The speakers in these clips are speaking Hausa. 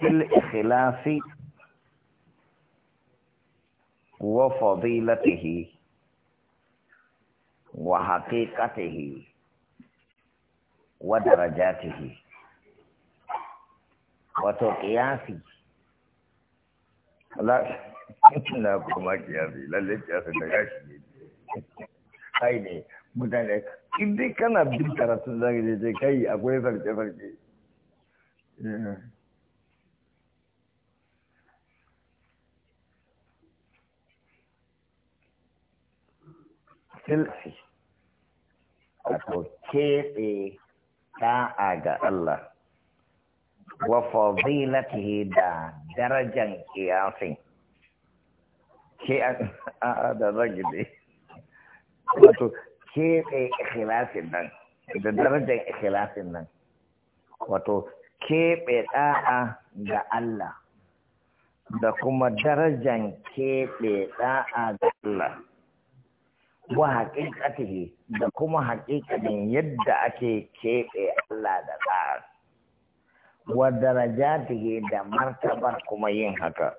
fil ikhlasi wa fadilatihi wa haqiqatihi wa darajatihi wato qiyasi na kuma kiyasi lalle kiyasi da gashi ne kai mutane in dai kana bin karatun zaka je kai silsi wato keɓe ta'a ga Allah wa fadilatihi da darajan kiyasin ke a da zagi dai wato keɓe ikhlasin nan da darajan ikhlasin nan wato keɓe ɗa'a ga Allah da kuma darajan keɓe ɗa'a ga Allah wa haƙiƙatihi da kuma haƙiƙanin yadda ake keɓe Allah da tsara wa darajatihi da martabar kuma yin haka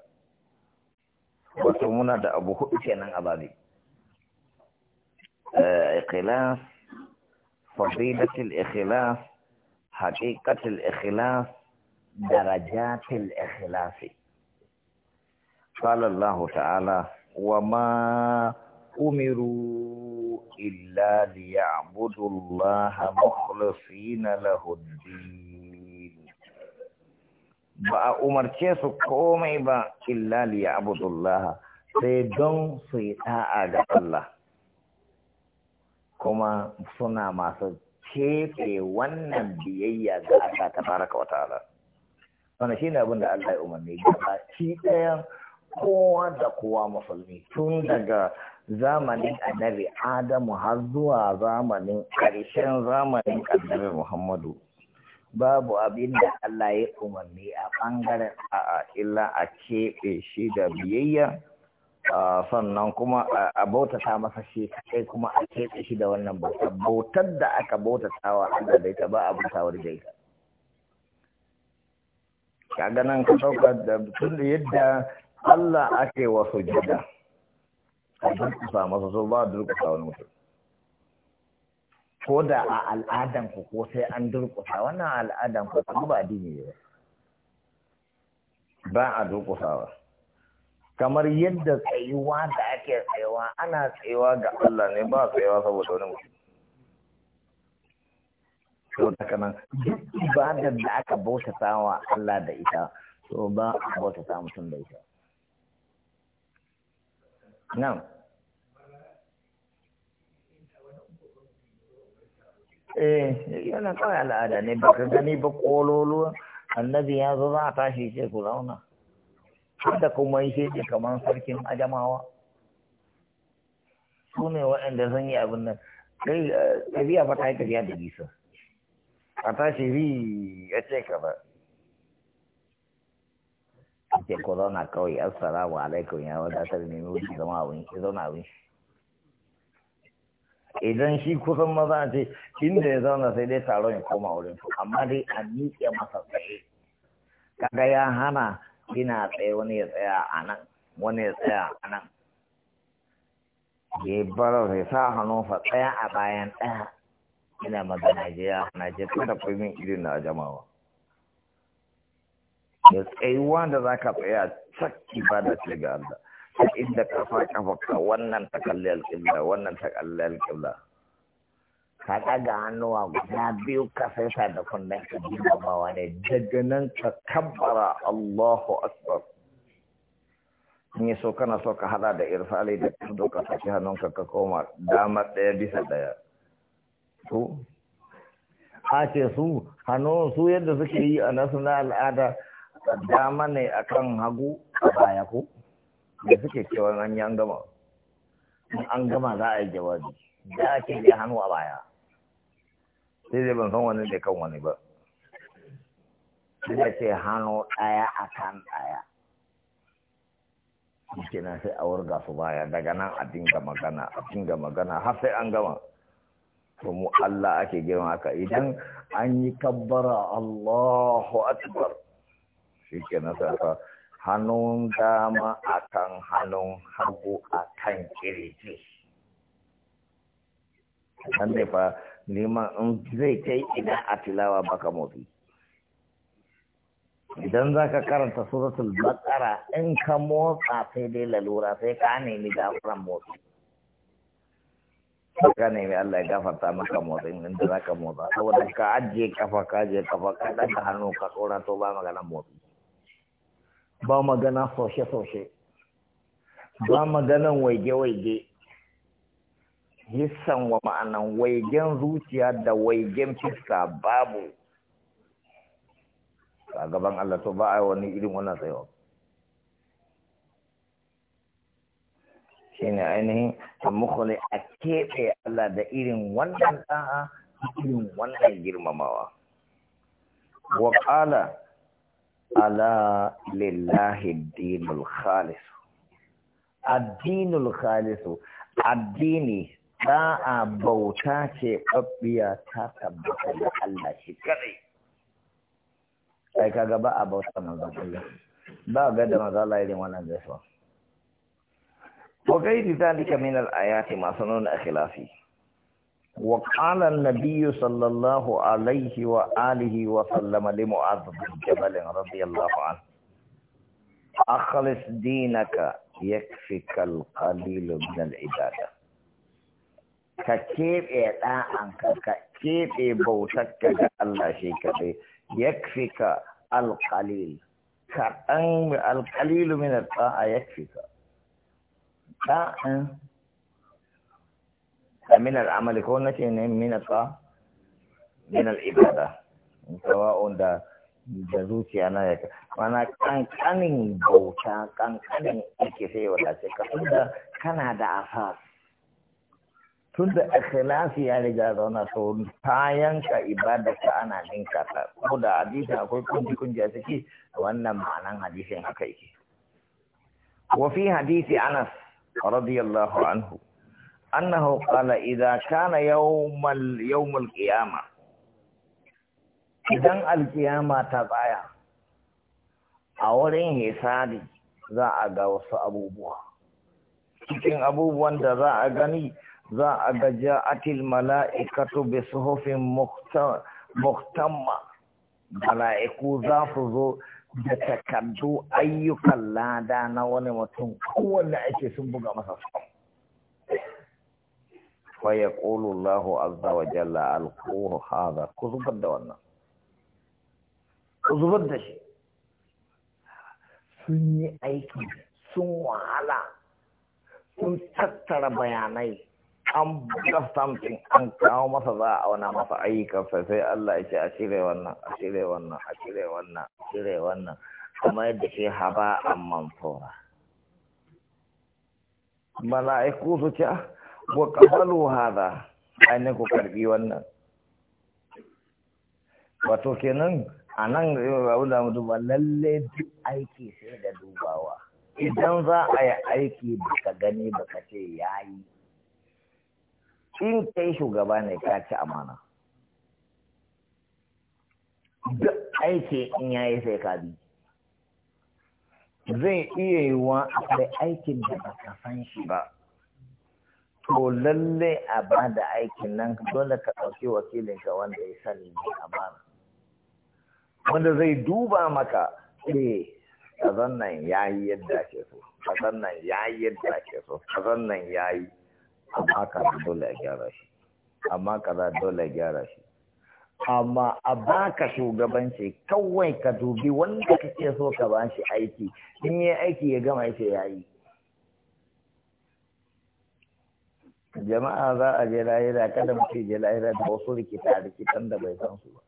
wato muna da abu hudu kenan a babi ikhlas fadilatul ikhlas haqiqatul ikhlas darajatul ikhlas qala Allah ta'ala wa ma umiru illa liya'budu Allah mukhlishin lahu ad ba a umarce su komai ba illa liya'budu Allah sai don su yi ta'a ga Allah kuma suna masu cefe wannan biyayya ga Allah tabaraka wa ta'ala wannan shine abin da Allah ya umarni ga kowa da kowa musulmi tun daga zamanin annabi adamu har zuwa zamanin ƙarshen zamanin annabi muhammadu babu abin da Allah ya umarni a ɓangaren a illa a keɓe shi da biyayya sannan kuma a bautata masa shi kai kuma a keɓe shi da wannan bauta bautar da aka bautata wa Allah da ita ba a bautawar da ita kaga nan ka da tun da yadda Allah ake wasu jida a durkusa masu so ba durkusa wani mutum ko da a al'adan ku ko sai an durkusa wannan al'adan ku kuma ba dini ne ba a durkusawa kamar yadda tsayuwa da ake tsayuwa ana tsayuwa ga Allah ne ba tsayuwa saboda wani mutum to ta nan duk ibadar da aka bauta sawa Allah da ita to ba a sa mutum da ita Na'am. Eh, yana kawai al'ada ne baka gani ba kololuwa annabi ya zo za a tashi ce ku zauna. Hada kuma yi ce kamar sarkin ajamawa. Su ne waɗanda sun yi abin nan. Kai, ba eh, ta yi tafiya da bisa. A tashi ri ya ce ka ba. ce ko zauna kawai assalamu alaikum ya wadatar ne mu ki zama abin ki zauna abin idan shi kusan maza ce inda ya zauna sai dai taron ya koma wurin su amma dai a nike masa tsaye kaga ya hana ina tsaye wani ya tsaya a nan wani ya tsaya a nan ya bar sai sa hannu fa tsaya a bayan ɗaya ina magana je ya hana je kada kuma irin na jama'a da tsayuwa da za ka tsaya sakki ba da ce ga Allah inda ka fa ka wannan ta kalli alƙibla wannan ta kalli alƙibla ka ɗaga hannuwa guda biyu ka sa da kunnen ka girmamawa ne daga nan ka kabbara Allahu Akbar in yi so kana so ka hada da irfali da kudu ka saki hannunka ka koma damar ɗaya bisa ɗaya to a ce su hannun su yadda suke yi a nasu na al'ada dama ne kan hagu a baya ko da suke cewa an yi an gama an gama za a yi jawabi da ake yi hannu a baya sai dai ban san wani da kan wani ba sai da ce hannu ɗaya a kan ɗaya kenan sai a wurga su baya daga nan a dinga magana a dinga magana har sai an gama to mu Allah ake girma haka idan an yi kabbara Allahu akbar shi ke nasa hannun dama akan hannun hagu akan kirji nan ne fa neman in zai kai idan a tilawa baka mafi idan za ka karanta suratul baqara in ka motsa sai dai lalura sai ka nemi gafaran motsi ka nemi Allah ya gafarta maka motsin inda za ka motsa saboda ka ajiye kafa ka je kafa ka hannu ka tsora to ba magana motsi ba magana soshe-soshe ba maganan waige-waige hissan wa ma'anan waigen zuciya da waigen fiska babu a gaban Allah to ba a wani irin wannan shi shine ainihin mukhli a keɓe Allah da irin wannan ɗa'a irin wannan girmamawa wa ƙala. ala lillahi dinul Khalisu addinul khalisu addini da'a bauta ce babbiya ta tabbata da Allah shi kadai sai kaga ba a bauta manzon Allah ba ga da manzon Allah irin wannan gaisuwa وغير ذلك من الآيات ما سنون خلافي وقال النبي صلى الله عليه وآله وسلم لمعاذ بن جبل رضي الله عنه أخلص دينك يكفيك القليل من العبادة كيف إعطاء عنك كيف بوتك الله شيك كبير يكفيك القليل كأن القليل من الطاعة يكفيك من العمل كون شيء من الطاعة من العبادة سواء دا جزوسي أنا يك وأنا كان كانين بو كان كان كانين إكسي ولا شيء كان دا كان هذا أساس تند إخلاص يعني جادونا تون تاين كعبادة كأنا نين كاتا ودا حديث أقول كن كن جاسكي وأنا معنى حديث هكاي وفي حديث أنس رضي الله عنه أنه قال إذا كان يوم ال... يوم القيامة إذا القيامة wurin hisari حسابي za a ga wasu abubuwa cikin abubuwan da za a gani za a ga ja'atil mala'ikatu bi suhufin muhtamma mala'iku za su zo da takardu ayyukan lada na wani mutum kowanne ake sun buga masa faya yaqulu Allahu azza wa jalla alquhu hadha ku zubar da wannan ku zubar da shi sun yi aiki sun wahala sun tattara bayanai an buga something an kawo masa za a wani masa ayyukansa sai Allah ya ce a cire wannan a cire wannan a cire wannan a cire wannan Kuma yadda shi haba an manfora mala'iku su ce wa qabalu hadha ainihin ku karbi wannan wato kenan a nan rabu da mutum ba lalle duk aiki sai da dubawa idan za a yi aiki ka gani baka ce ya yi in kai shugaba ne ka ci amana duk aiki in ya yi sai ka bi zai iya yiwuwa akwai aikin da baka san shi ba to lalle a ba da aikin nan dole ka ɗauki wakilin ka wanda ya sani ne ba. wanda zai duba maka eh kazan nan ya yi yadda ke so kazan nan ya yi yadda ke so kazan nan ya yi amma kaza dole a gyara shi amma kaza dole a gyara shi amma a baka shugabanci kawai ka dubi wanda kake so ka ba shi aiki in yi aiki ya gama ya ce ya yi jama'a za a je lahira kada mu je lahira da wasu rikita rikitan da bai san su ba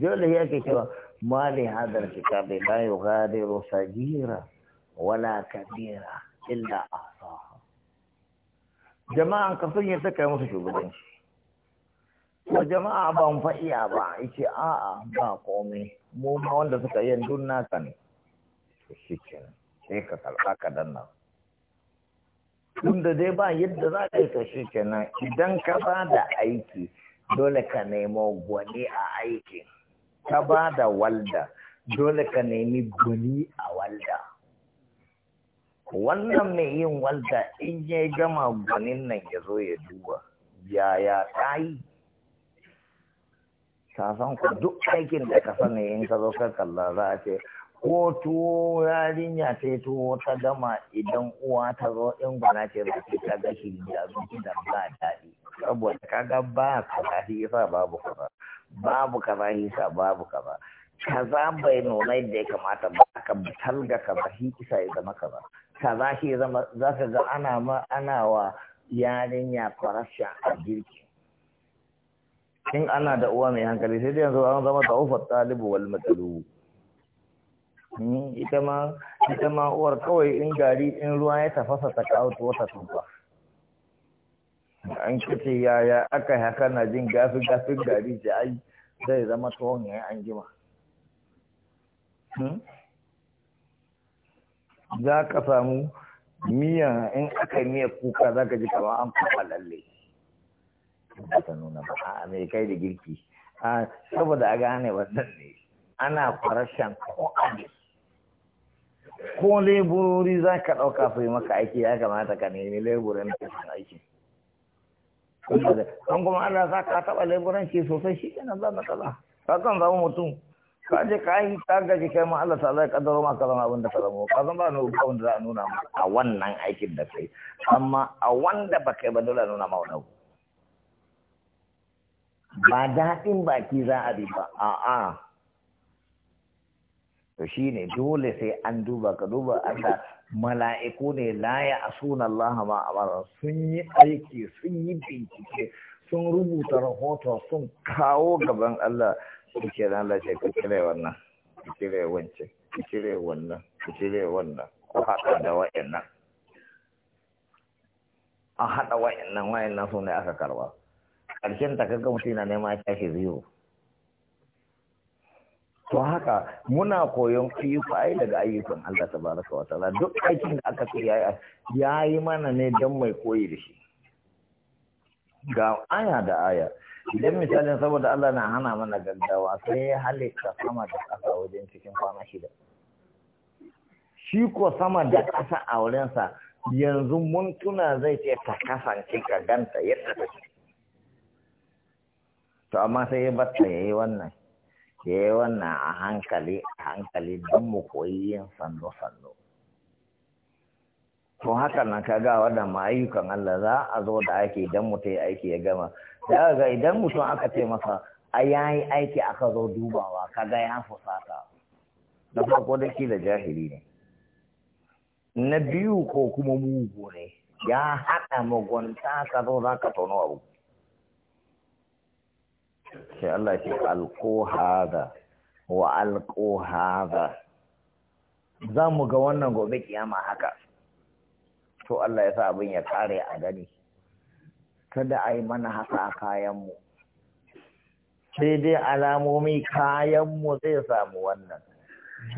dole ya ke cewa mali hadar kitabi la yughadiru sagira wala kabira illa ahsaha jama'a ka sun yi saka musu shugabanci ko jama'a ban fa'iya ba yace a'a ba komai mu ma wanda suka yi dunna kan shi kenan sai ka kalba ka danna da dai ba yadda za ka yi to shi kenan idan ka ba da aiki dole ka nemo gwani a aikin ka ba da walda dole ka nemi gwani a walda wannan mai yin walda in ya gama gwanin nan ya zo ya duba yaya ta yi ka san ku duk aikin da ka sani in ka zo ka kalla za a ce ko tuwo yarinya ta yi tuwo ta gama idan uwa ta zo in gwana ce ba ta ta ga shi da abinci da ba daɗi saboda kaga ba kaza shi yasa babu kaza babu kaza shi yasa babu kaza kaza bai nuna yadda ya kamata ba aka talga kaza shi isa ya zama kaza kaza shi zama za ka ga ana ma ana wa yarinya farashin a girki in ana da uwa mai hankali sai dai yanzu an zama ta ufar ɗalibu wal matsalubu Hmm, ita ma ita ma uwar kawai in gari in ruwa ya tafasa ta kawo ta wata tufa an kace yaya aka haka na jin gafi gafi gari ce ai zai zama tuwon ya an jima hmm? za ka samu miya in aka yi miya kuka za ka ji kama an kafa lalle ba ta nuna ba a mai kai da girki a saboda a gane wannan ne ana farashen ko a ne ko leburori za ka ɗauka su yi maka aiki ya kamata ka nemi leburan da sun aiki an kuma Allah za ka taɓa leburanci sosai shi yana ba matsala ka kan zama mutum ka je ka yi ta gaji kai ma Allah ta zai kaddaro ma ka zama abin da ka zama ka zama ba nuna abin za a nuna ma a wannan aikin da kai amma a wanda ba kai ba dole a nuna ma wani abu ba daɗin baki za a bi ba a'a to shine dole sai an duba ka duba Allah mala'iku ne la ya asuna Allah ma amara sun yi aiki sun yi bincike sun rubuta rahoto sun kawo gaban Allah su ke nan Allah ce ku cire wannan ku cire wancan ku cire wannan ku cire wannan ku haɗa da wa'annan an haɗa wa'annan wa'annan su ne aka karwa ƙarshen ta kaga mutum na nema ya tashi zuwa to haka muna koyon ayyuka ai daga ayyukan Allah Ta wa ta'ala duk aikin da aka ce ya yayi mana ne don mai koyi da shi ga aya da aya idan misalin saboda Allah na hana mana gaggawa sai ya halitta sama da ƙasa wajen cikin kwana shida shi ko sama da ƙasa a wurinsa yanzu mun tuna zai ce ta kasance ka ganta yadda take to amma sai ya batta yayi wannan ke wannan a hankali a hankali don mu koyi yin sannu-sannu to haka nan ka ga wannan ma ayyukan Allah za a zo da aiki idan mutum ya aiki ya gama da ga idan mutum aka ce masa a yayi aiki aka zo dubawa ga ya fusata na farko da shi da jahili ne na biyu ko kuma mugu ne ya haɗa mugunta ka zo za ka tono abu sai Allah ce alko hada wa alko hada za mu ga wannan gobe kiyama haka to Allah ya sa abin ya kare a gani kada a yi mana haka a kayanmu sai dai alamomi kayanmu zai samu wannan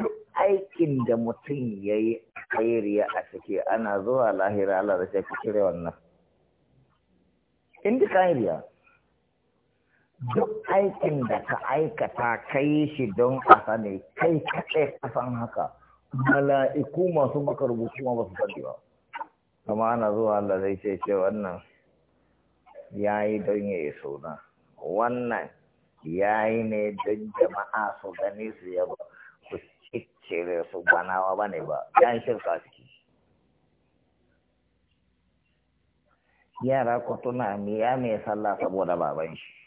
duk aikin da mutum ya yi kairiya a ciki ana zuwa lahira Allah da shafi cire wannan in ji duk aikin da ka aikata kai shi don ƙasa ne kai kaɗai kasan haka mala'iku masu maka rubutu ma ba su sani ba kama ana zuwa Allah zai ce ce wannan ya yi don ya yi suna wannan ya yi ne don jama'a su gani su ba su ciccire su banawa ba ne ba yan shirka ciki yara ku tuna miya mai sallah saboda baban shi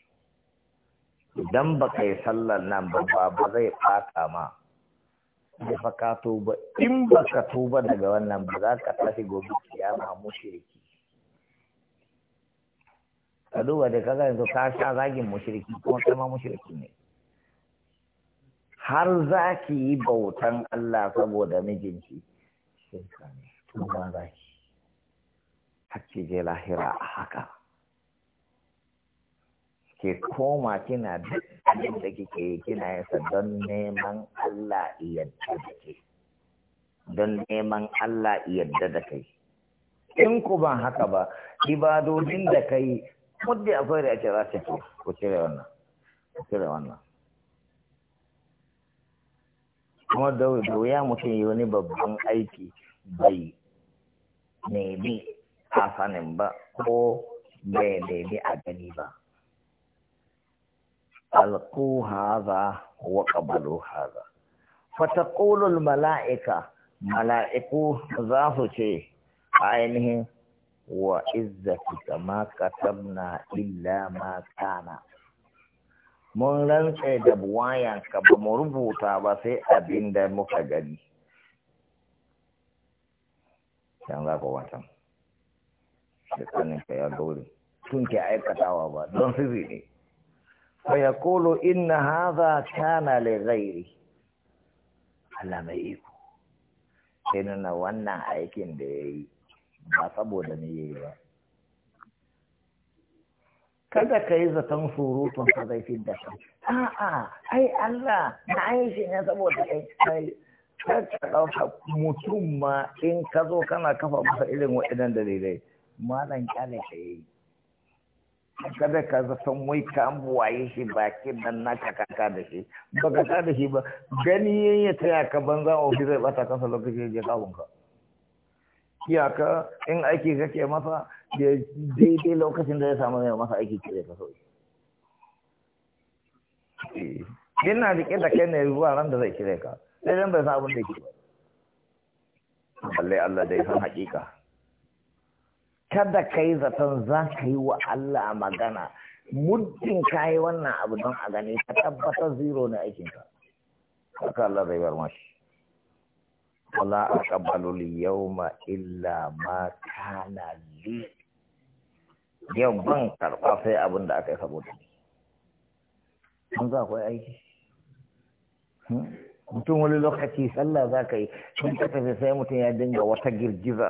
idan ba ka yi sallar nan ba ba zai ɓata ma ba fa ka tuba in ba ka tuba daga wannan ba za ka tafi gobe kiyama mushriki ka duba da kaga yanzu ka sha zagin mushriki kuma kai ma mushriki ne har za ki yi bautan Allah saboda mijinki shekaru za ki hakki je lahira a haka ke koma kina duk da kike yi kina yin sa don neman Allah yadda da don neman Allah yadda da kai in ku ban haka ba ibadodin da kai muddin akwai da ake rasa ke ku cire wannan ku cire wannan kuma da wuya mutum yi wani babban aiki bai nemi a sanin ba ko bai nemi a gani ba alku haza wa qabalu haza fataqulu malaika malaiku za su ce ainihin wa izzatika ma katabna illa ma kana mun rantse da buwayanka ba mu rubuta ba sai abin da muka gani can za ku wancan da tsaninka ya dole tun ke aikatawa ba don sirri ne inna إن kana le zairi Allah mai iko sai nuna wannan aikin da ya yi ba saboda ni yi ba kada ka yi zaton surutun ka zai fi da kan a'a ai Allah na yi shi ne saboda kai kai ka ɗauka mutum ma in ka zo kana kafa masa irin waɗannan dalilai malam kyale ka yi kada ka san wai ka waye shi bakin nan naka kaka da shi baka ta da shi ba gani ya taya ka banza ofis zai bata kansa lokacin ya kawun ka iyaka in aiki kake masa da daidai lokacin da ya samu mai masa aiki kire ka sauki eh, yana rike da kai ne zuwa ran da zai kire ka sai dan bai san abin da yake ba balle Allah dai san hakika kada ka yi zaton za ka yi wa Allah magana muddin ka yi wannan abu don a gani ka tabbatar zero ne aikinka haka Allah zai bar mashi wala aqbalu yau yawma illa ma kana li yau ban karɓa sai abin da aka yi saboda ni an za ku aiki hmm? mutum wani lokaci sallah za ka yi sun tafi sai mutum ya dinga wata girgiza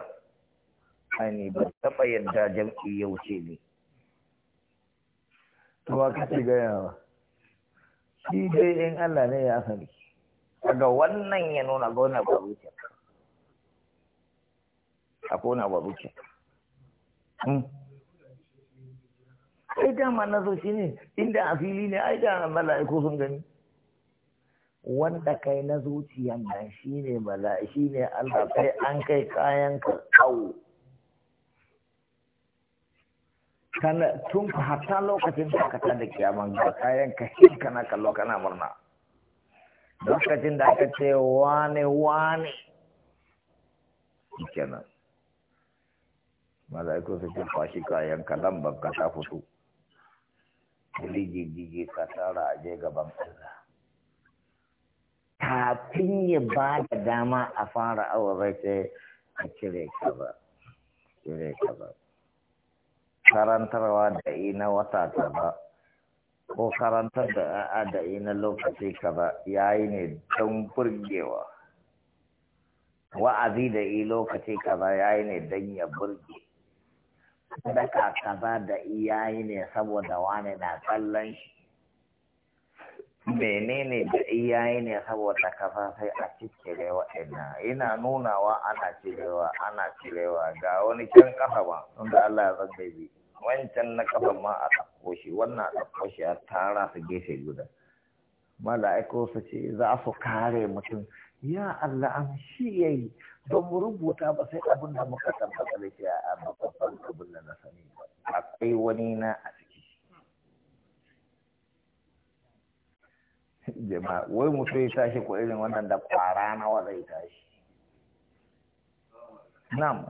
ƙur'ani ba taɓa yadda jam'i ya wuce ne tuwa kace ba. shi dai in Allah ne ya sani daga wannan ya nuna ga wannan ba zuciya a kona ai dama na so shi ne inda a fili ne ai da mala'iku sun gani wanda kai na zuciyan nan shi ne shi ne Allah kai an kai kayan ka kawo kana tun hata lokacin da aka tada kiyaman ga kayan ka shi kana kallo kana murna lokacin da aka ce wane wane kenan mala'iku su ce fashi kayan ka ba ka ta fito rigigigi ka tara a je gaban kaza kafin ya ba da dama a fara awa bai sai a cire ka ba cire ka ba karantarwa da ina wata kaza ko karantar da a da ina lokaci kaza yi ne don burgewa wa'azi da i lokaci kaza yi ne don ya burge daga kaza da i yi ne saboda wani na kallon shi menene da yi ne saboda kafa sai a cikire wa ina nunawa ana cirewa ana cirewa ga wani can kafa ba tunda Allah ya zagaye wancan na kafa ma a ɗauko shi wannan a ɗauko shi a tara su gefe guda mala'iku su ce za su kare mutum ya Allah an shi ya yi don mu rubuta ba sai abin da muka tabbata da shi a babban abin da na sani akwai wani na a ciki jama'a wai mutum ya tashi ko irin wannan da kwara nawa zai tashi na'am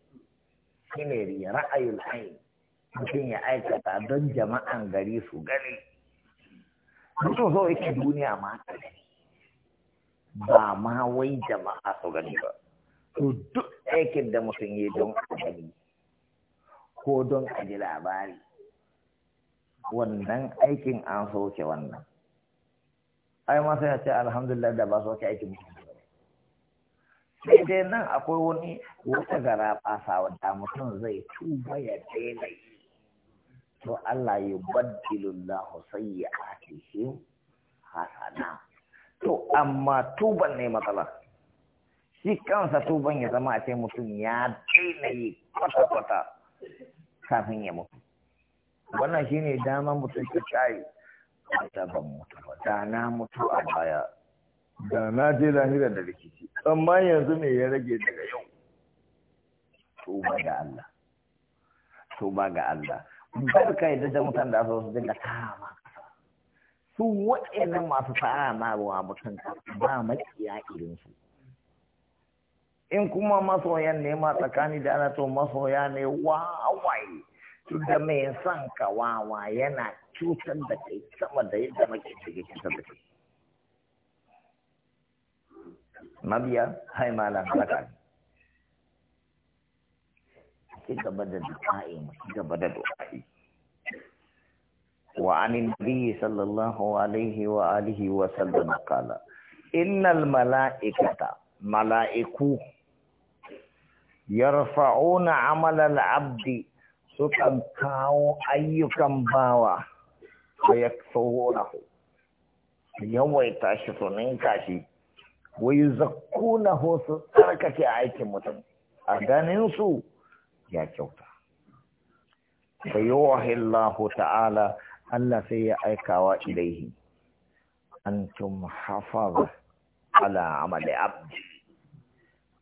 shi ne ra'ayul ayin mutum ya aikata don jama'an gari su gani mutum zo yake duniya ma ba ma wai jama'a su gani ba to duk aikin da mutum yi don a gani ko don a ji labari wannan aikin an soke wannan ai ma sai ce alhamdulillah da ba soke aikin mutum sai dai nan akwai wani wata gara fasa wadda mutum zai tuba ya daina yi to Allah ya ake sayyi'atihim hasana to amma tuban ne matsala shi kansa tuban ya zama a ce mutum ya daina yi kwata-kwata kafin ya mutu wannan shine damar mutum ta tsaye wata ban mutu ba da na mutu a baya da na je lahira da rikici amma yanzu ne ya rage daga yau ba ga Allah to ba ga Allah kar ka yi da mutan da su dinga kama su waɗannan masu fara ma ruwa mutum ba makiya irin su in kuma masoyan ne ma tsakani da ana to masoya ne wawaye tun da mai son ka wawa yana cutar da kai sama da yadda makiya ke cutar da kai mabiya hai malam haka ci gaba da du'a'i mu ci gaba da du'a'i wa anin bi sallallahu alaihi wa alihi wa sallam qala innal mala'ikata mala'iku yarfa'una al abdi sukan kawo ayyukan bawa wa yakfuhu yawaita shi sunan kashi Wai zakku na hosu tsarkake aikin mutum a ganinsu ya kyauta wa yuwahillahu ta'ala Allah sai ya aikawa ilaihi antum hafaza ala amali abdi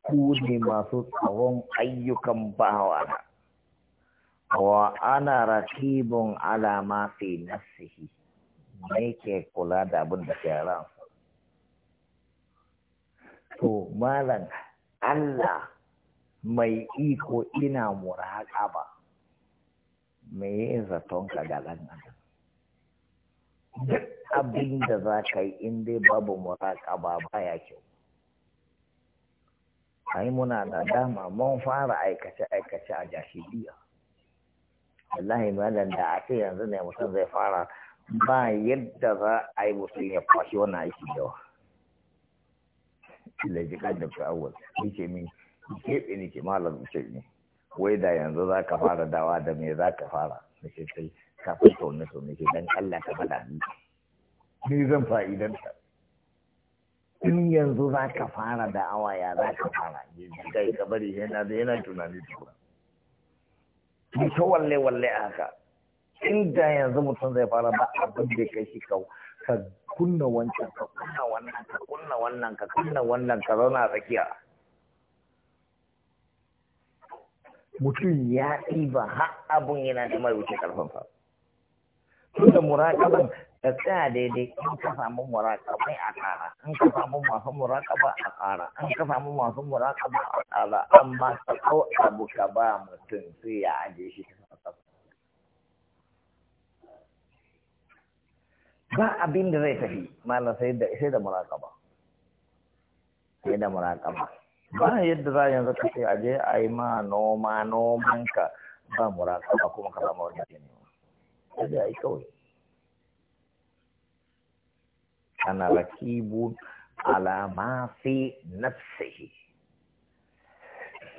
ku ne masu tsawon ayyukan na. wa ana rakibun alama fi nasihi, mai ke kula da abin da ke ransu. to malam Allah mai iko ina muraka ba me yin zaton ka ga ɗan duk abin da za ka yi in dai babu muraka ba baya kyau ai muna da dama mun fara aikace aikace a jahiliya wallahi malam da a ce yanzu ne mutum zai fara ba yadda za a yi mutum ya kwashi wani aiki yawa Allah ji kan Dr. Awwal nike min kebe nike malam ce ni wai da yanzu za ka fara dawa da me za ka fara nace kai kafin taune to nike dan Allah ka faɗa ni ni zan fa'idan ta in yanzu za ka fara da'awa ya za ka fara kai ka bari yana da yana tunani tukuna ni to walle walle aka in da yanzu mutum zai fara ba abin da kai shi ka kunna wancan ka kunna wannan ka kunna wannan ka kunna wannan ka zauna tsakiya mutum ya ɗiba har abun yana da mai wuce ƙarfinsa tunda muraƙaban ka tsaya daidai in ka samu muraƙabai a ƙara in ka samu masu muraƙaba a ƙara in ka samu masu muraƙaba a ƙara amma ka kau abu ka ba mutum sai ya aje shi ba abin da zai tafi malam sai da sai da muraqaba sai da muraqaba ba yadda za yanzu ka ce aje a yi ma noma noman ka ba muraqaba kuma ka zama wanda ke nema sai dai ai kawai ana rakibun ala ma fi nafsihi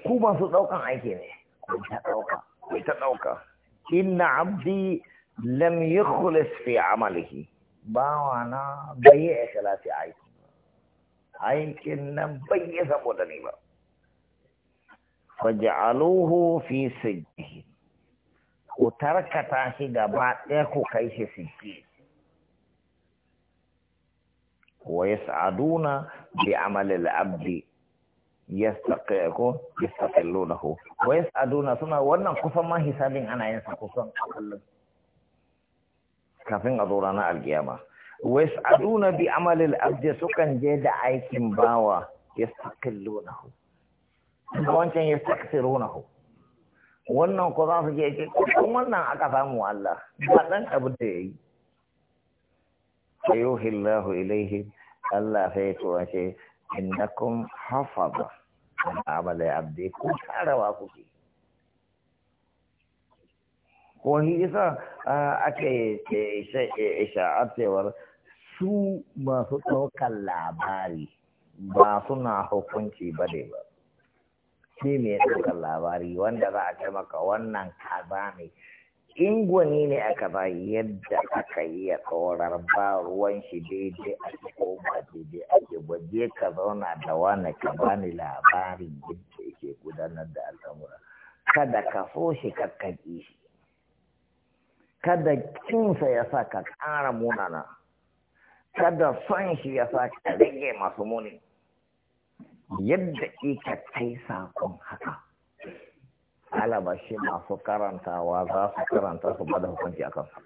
ku masu daukan aiki ne ku ta dauka ku ta dauka inna abdi lam yukhlis fi amalihi bawa na bai yi ikhlasi aiki aikin nan bai yi saboda ni ba faj'aluhu fi sijjihi ku tarkata shi gaba ɗaya ku kai shi sijji wa yas'aduna bi amali al-abdi yastaqiqu ko. wa yas'aduna suna wannan kusan ma hisabin ana yin sa kusan kullum kafin a zo ranar alkiyama wais aduna bi amalil abdi sukan je da aikin bawa yastakillunahu wancan yastaksirunahu wannan ko za su je ke kun wannan aka samu Allah ba dan abu da yayi sayuhillahu ilaihi Allah sai ya tura shi innakum hafaza amala abdi ku tarawa kuke ko aka isa sha'ar cewar su masu ɗaukar labari ba suna hukunci ba ne ba shi mai ɗaukar labari wanda za a maka wannan kaza ne ingwani ne aka ba yadda aka yi ya tsorar ba ruwan shi daidai a ko ba daidai ake gwaje ka zauna da wani ka bani labarin yadda ke gudanar da al'amura kada ka so shi kakkaki shi kada kinsa ya sa ka ƙara munana kada son shi ya sa ka rage masu muni yadda ika kai sakon haka alaba shi masu karantawa za su karanta su bada hukunci a kansa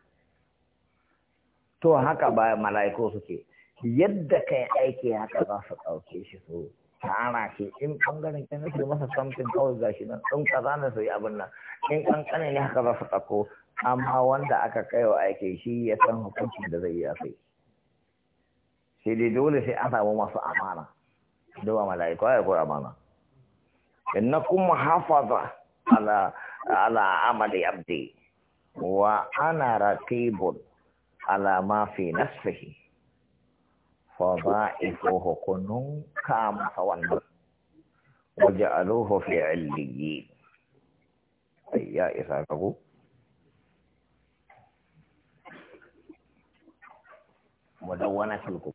to haka ba mala'iku suke yadda kai aiki haka za su ɗauke shi su tara shi in ɓangaren kyan su masa samfin kawai gashi nan ɗan kaza na su yi abin nan in ƙanƙanin ne haka za su ɗauko amma wanda aka kai wa aiki shi ya san hukuncin da zai yi a kai sai dai dole sai an samu masu amana duba mala'iku ya kura amana kuma hafaza ala ala amali abdi wa ana raqibun ala ma fi nafsihi fa dha'ifuhu kunun kam fawan وجعلوه في عليين أي isa إسحاق mudawwana filku